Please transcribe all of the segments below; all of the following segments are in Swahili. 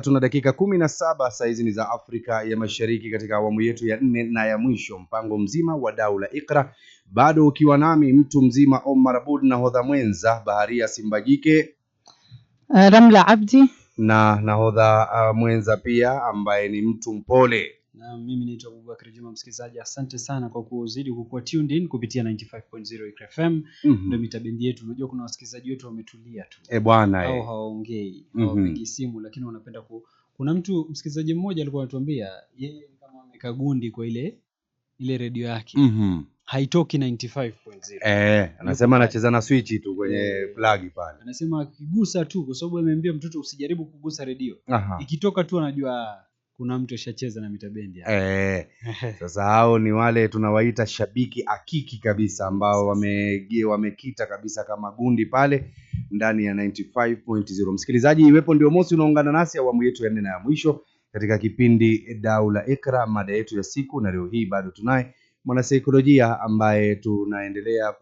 tuna na dakika kumi na saba saa hizi ni za Afrika ya Mashariki, katika awamu yetu ya nne na ya mwisho, mpango mzima wa dau la Iqra, bado ukiwa nami mtu mzima Omar Abud na hodha mwenza baharia Simba Jike uh, Ramla Abdi na nahodha uh, mwenza pia ambaye ni mtu mpole na mimi naitwa Abubakar Juma, msikilizaji, asante sana kwa kuzidi kukuwa tuned in kupitia 95.0 FM mhm. ndio mm -hmm. mita bendi yetu. Unajua kuna wasikilizaji wetu wametulia tu eh bwana, au eh. hawaongei mm -hmm. hawapigi simu, lakini wanapenda ku... kuna mtu msikilizaji mmoja alikuwa anatuambia yeye kama amekagundi kwa ile ile redio yake mm -hmm. haitoki 95.0 eh, anasema anacheza na switch tu kwenye eh, plug pale, anasema akigusa tu, kwa sababu ameambia mtoto usijaribu kugusa redio, ikitoka tu anajua kuna mtu ashacheza na mitabendi bendi eh. Sasa hao ni wale tunawaita shabiki akiki kabisa ambao wamekita wame kabisa kama gundi pale ndani ya 95.0. Msikilizaji, iwepo ndio mosi unaungana nasi awamu yetu ya nne na ya mwisho katika kipindi Daula Ikra, mada yetu ya siku, na leo hii bado tunaye mwanasaikolojia ambaye tunaendelea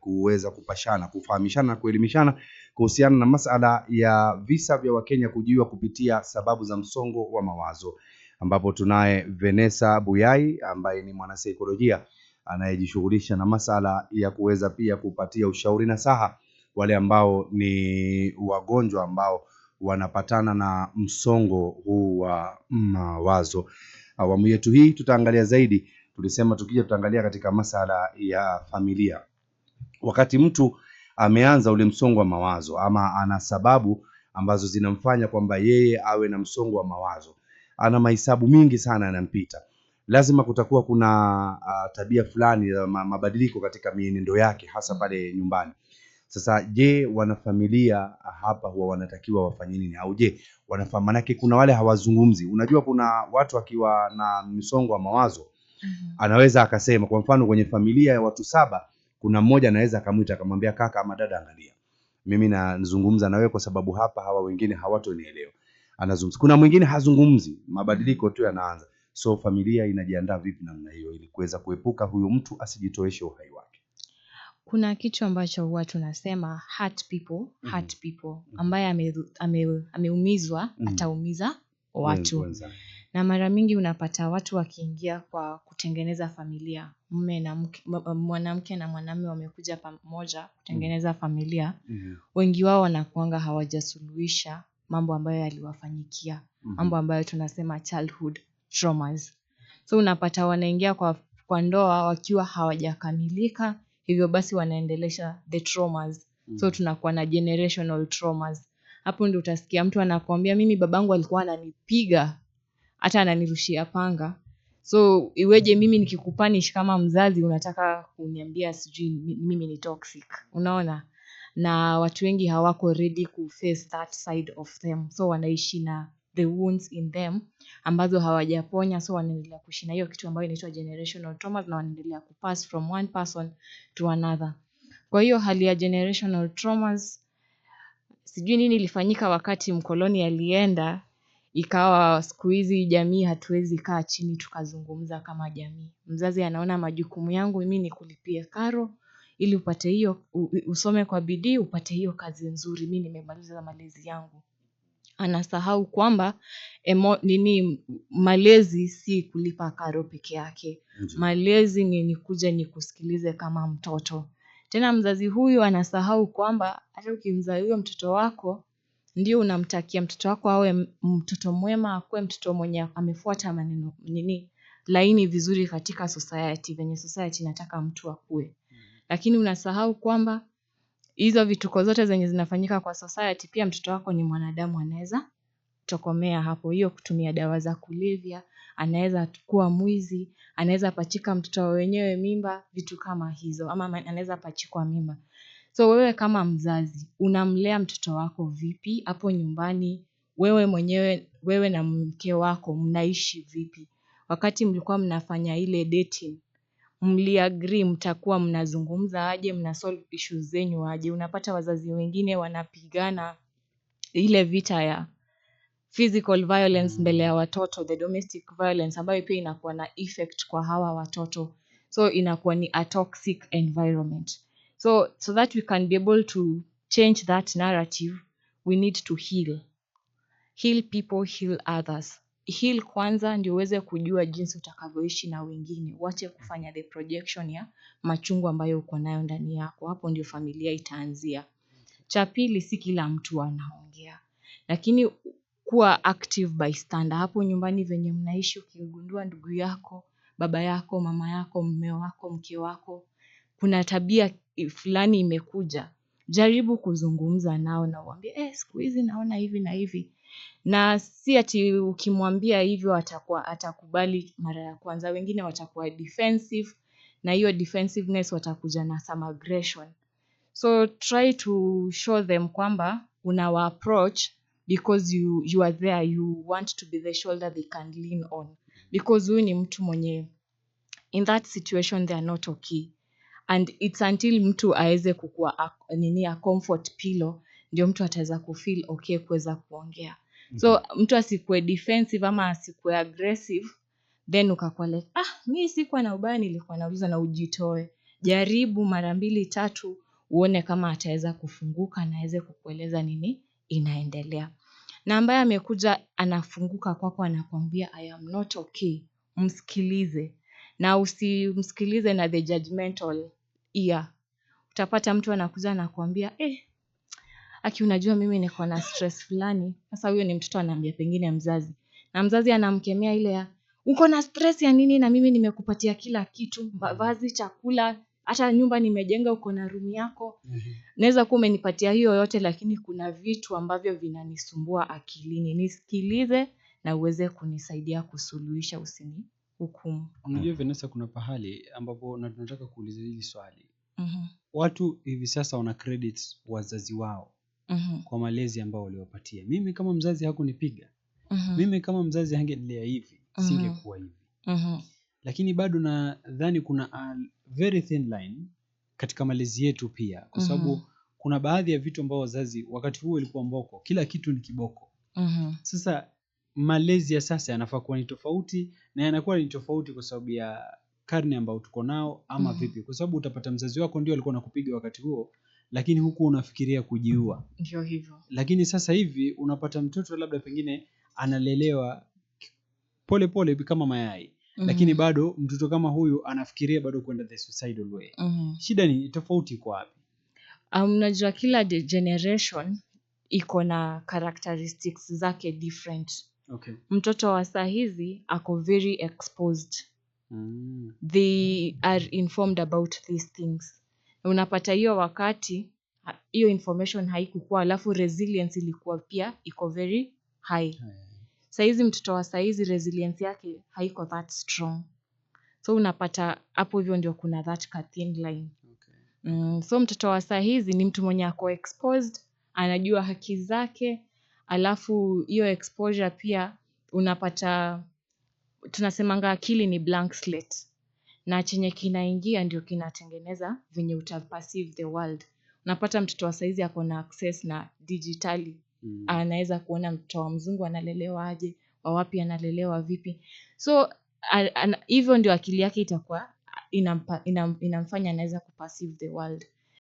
kuweza kupashana, kufahamishana na kuelimishana kuhusiana na masala ya visa vya Wakenya kujiua kupitia sababu za msongo wa mawazo, ambapo tunaye Vanessa Buyai ambaye ni mwanasaikolojia anayejishughulisha na masala ya kuweza pia kupatia ushauri na saha wale ambao ni wagonjwa ambao wanapatana na msongo huu wa mawazo. Awamu yetu hii tutaangalia zaidi, tulisema tukija tutaangalia katika masala ya familia, wakati mtu ameanza ule msongo wa mawazo ama ana sababu ambazo zinamfanya kwamba yeye awe na msongo wa mawazo. Ana mahesabu mingi sana yanampita, lazima kutakuwa kuna uh, tabia fulani ya mabadiliko katika mienendo yake, hasa pale nyumbani. Sasa je, wanafamilia hapa huwa wanatakiwa wafanye nini? Au je wanafahamu? Manake kuna wale hawazungumzi. Unajua, kuna watu akiwa na msongo wa mawazo mm -hmm. anaweza akasema, kwa mfano kwenye familia ya watu saba kuna mmoja anaweza akamwita akamwambia, kaka ama dada, angalia, mimi nazungumza na wewe kwa sababu hapa hawa wengine hawatonielewa. Anazungumza, kuna mwingine hazungumzi, mabadiliko tu yanaanza. So familia inajiandaa vipi namna hiyo, ili kuweza kuepuka huyo mtu asijitoeshe uhai wake? Kuna kitu ambacho huwa tunasema hurt people, hurt mhm. people, mhm. ambaye ameumizwa ame, ame mhm. ataumiza watu Wenza na mara mingi unapata watu wakiingia kwa kutengeneza familia mme na mke, mwanamke na mwanamume wamekuja pamoja kutengeneza mm. familia mm-hmm. wengi wao wanakuanga hawajasuluhisha mambo ambayo yaliwafanyikia mm mambo ambayo tunasema childhood traumas so unapata wanaingia kwa, kwa ndoa wakiwa hawajakamilika hivyo basi wanaendelesha the traumas mm so tunakuwa na generational traumas hapo ndio utasikia mtu anakuambia mimi babangu alikuwa ananipiga hata ananirushia panga so iweje mimi nikikupanish kama mzazi unataka kuniambia sijui mimi ni toxic unaona na watu wengi hawako ready face that side of them so wanaishi na the wounds in them ambazo hawajaponya so wanaendelea kuishi na hiyo kitu ambayo inaitwa generational traumas na wanaendelea kupass from one person to another kwa hiyo hali ya generational traumas sijui nini ilifanyika wakati mkoloni alienda ikawa siku hizi jamii hatuwezi kaa chini tukazungumza kama jamii. Mzazi anaona majukumu yangu mimi ni kulipia karo ili upate hiyo usome kwa bidii upate hiyo kazi nzuri mimi nimemaliza malezi yangu. Anasahau kwamba nini malezi si kulipa karo peke yake. Malezi ni nikuje nikusikilize kama mtoto. Tena mzazi huyu anasahau kwamba hata ukimzaa huyo mtoto wako ndio unamtakia mtoto wako awe mtoto mwema, akuwe mtoto mwenye amefuata maneno nini laini vizuri katika society, venye society inataka mtu akuwe. Mm-hmm. Lakini unasahau kwamba hizo vituko zote zenye zinafanyika kwa society, pia mtoto wako ni mwanadamu anaweza tokomea hapo, hiyo kutumia dawa za kulevya, anaweza kuwa mwizi, anaweza pachika mtoto wenyewe mimba, vitu kama hizo ama anaweza pachikwa mimba. So wewe kama mzazi, unamlea mtoto wako vipi? Hapo nyumbani, wewe mwenyewe, wewe na mke wako, mnaishi vipi? Wakati mlikuwa mnafanya ile dating, mliagree mtakuwa mnazungumza aje, mnasolve issues zenyu aje. Unapata wazazi wengine wanapigana ile vita ya physical violence mbele ya watoto, the domestic violence ambayo pia inakuwa na effect kwa hawa watoto. So inakuwa ni a toxic environment. So, so that we can be able to change that narrative, we need to heal. Heal people, heal others. Heal kwanza ndio uweze kujua jinsi utakavyoishi na wengine. wache kufanya the projection ya machungu ambayo uko nayo ndani yako. Hapo ndio familia itaanzia. Cha pili, si kila mtu anaongea, lakini kuwa active bystander hapo nyumbani venye mnaishi. Ukigundua ndugu yako, baba yako, mama yako, mume wako, mke wako kuna tabia fulani imekuja, jaribu kuzungumza nao na uambie eh, siku hizi naona hivi na hivi, na si ati ukimwambia hivyo atakuwa atakubali mara ya kwanza. Wengine watakuwa defensive, na hiyo defensiveness watakuja na some aggression. So try to show them kwamba unawa approach because you, you are there you want to be the shoulder they can lean on because huyu ni mtu mwenye in that situation they are not okay and it's until mtu aweze kukuwa nini a comfort pillow ndio mtu ataweza kufeel okay kuweza kuongea so mm-hmm. mtu asikuwe defensive ama asikuwe aggressive then ukakuwa like ah mii sikuwa na ubaya nilikuwa nauliza na ujitoe jaribu mara mbili tatu uone kama ataweza kufunguka na aweze kukueleza nini inaendelea na ambaye amekuja anafunguka kwako anakwambia i am not okay msikilize na usimsikilize na the judgmental ear. Utapata mtu anakuja anakuambia eh, aki, unajua mimi niko na stress fulani. Sasa huyo ni mtoto anaambia pengine mzazi, na mzazi anamkemea ile ya uko na stress ya nini, na mimi nimekupatia kila kitu, mavazi, chakula, hata nyumba nimejenga, uko na room yako. mm -hmm. Naweza kuwa umenipatia hiyo yote, lakini kuna vitu ambavyo vinanisumbua akilini, nisikilize na uweze kunisaidia kusuluhisha, usini hukumu. Unajua Vanessa, kuna pahali ambapo na tunataka kuuliza hili swali mm-hmm. Watu hivi sasa wana credit wazazi wao mm-hmm. kwa malezi ambao waliwapatia. Mimi kama mzazi hakunipiga mm-hmm. mimi kama mzazi hangenilea hivi mm-hmm. singekuwa hivi mm-hmm. lakini bado nadhani kuna a very thin line katika malezi yetu pia, kwa mm-hmm. sababu mm-hmm. kuna baadhi ya vitu ambao wazazi wakati huo ilikuwa mboko, kila kitu ni kiboko mm-hmm. Sasa malezi ya sasa yanafaa kuwa ni tofauti na yanakuwa ni tofauti kwa sababu ya karne ambayo tuko nao ama mm. vipi kwa sababu utapata mzazi wako ndio alikuwa anakupiga wakati huo lakini huku unafikiria kujiua ndio hivyo lakini sasa hivi unapata mtoto labda pengine analelewa polepole pole kama mayai Mm lakini bado mtoto kama huyu anafikiria bado kwenda the suicidal way mm shida ni tofauti kwa wapi mnajua um, kila generation iko na characteristics zake different okay. mtoto wa saa hizi ako very exposed mm. they are informed about these things unapata hiyo wakati hiyo information haikukua alafu resilience ilikuwa pia iko very high eh. sahizi mtoto wa sahizi resilience yake haiko that strong so unapata hapo hivyo ndio kuna that thin line okay. mm, so mtoto wa sahizi ni mtu mwenye ako exposed anajua haki zake alafu hiyo exposure pia unapata tunasemanga akili ni blank slate na chenye kinaingia ndio kinatengeneza venye uta perceive the world unapata mtoto wa saizi ako na access na dijitali mm. anaweza kuona mtoto wa mzungu analelewa aje wawapi analelewa vipi so hivyo ndio akili yake itakuwa inamfanya inam, inamfanya anaweza kuperceive the world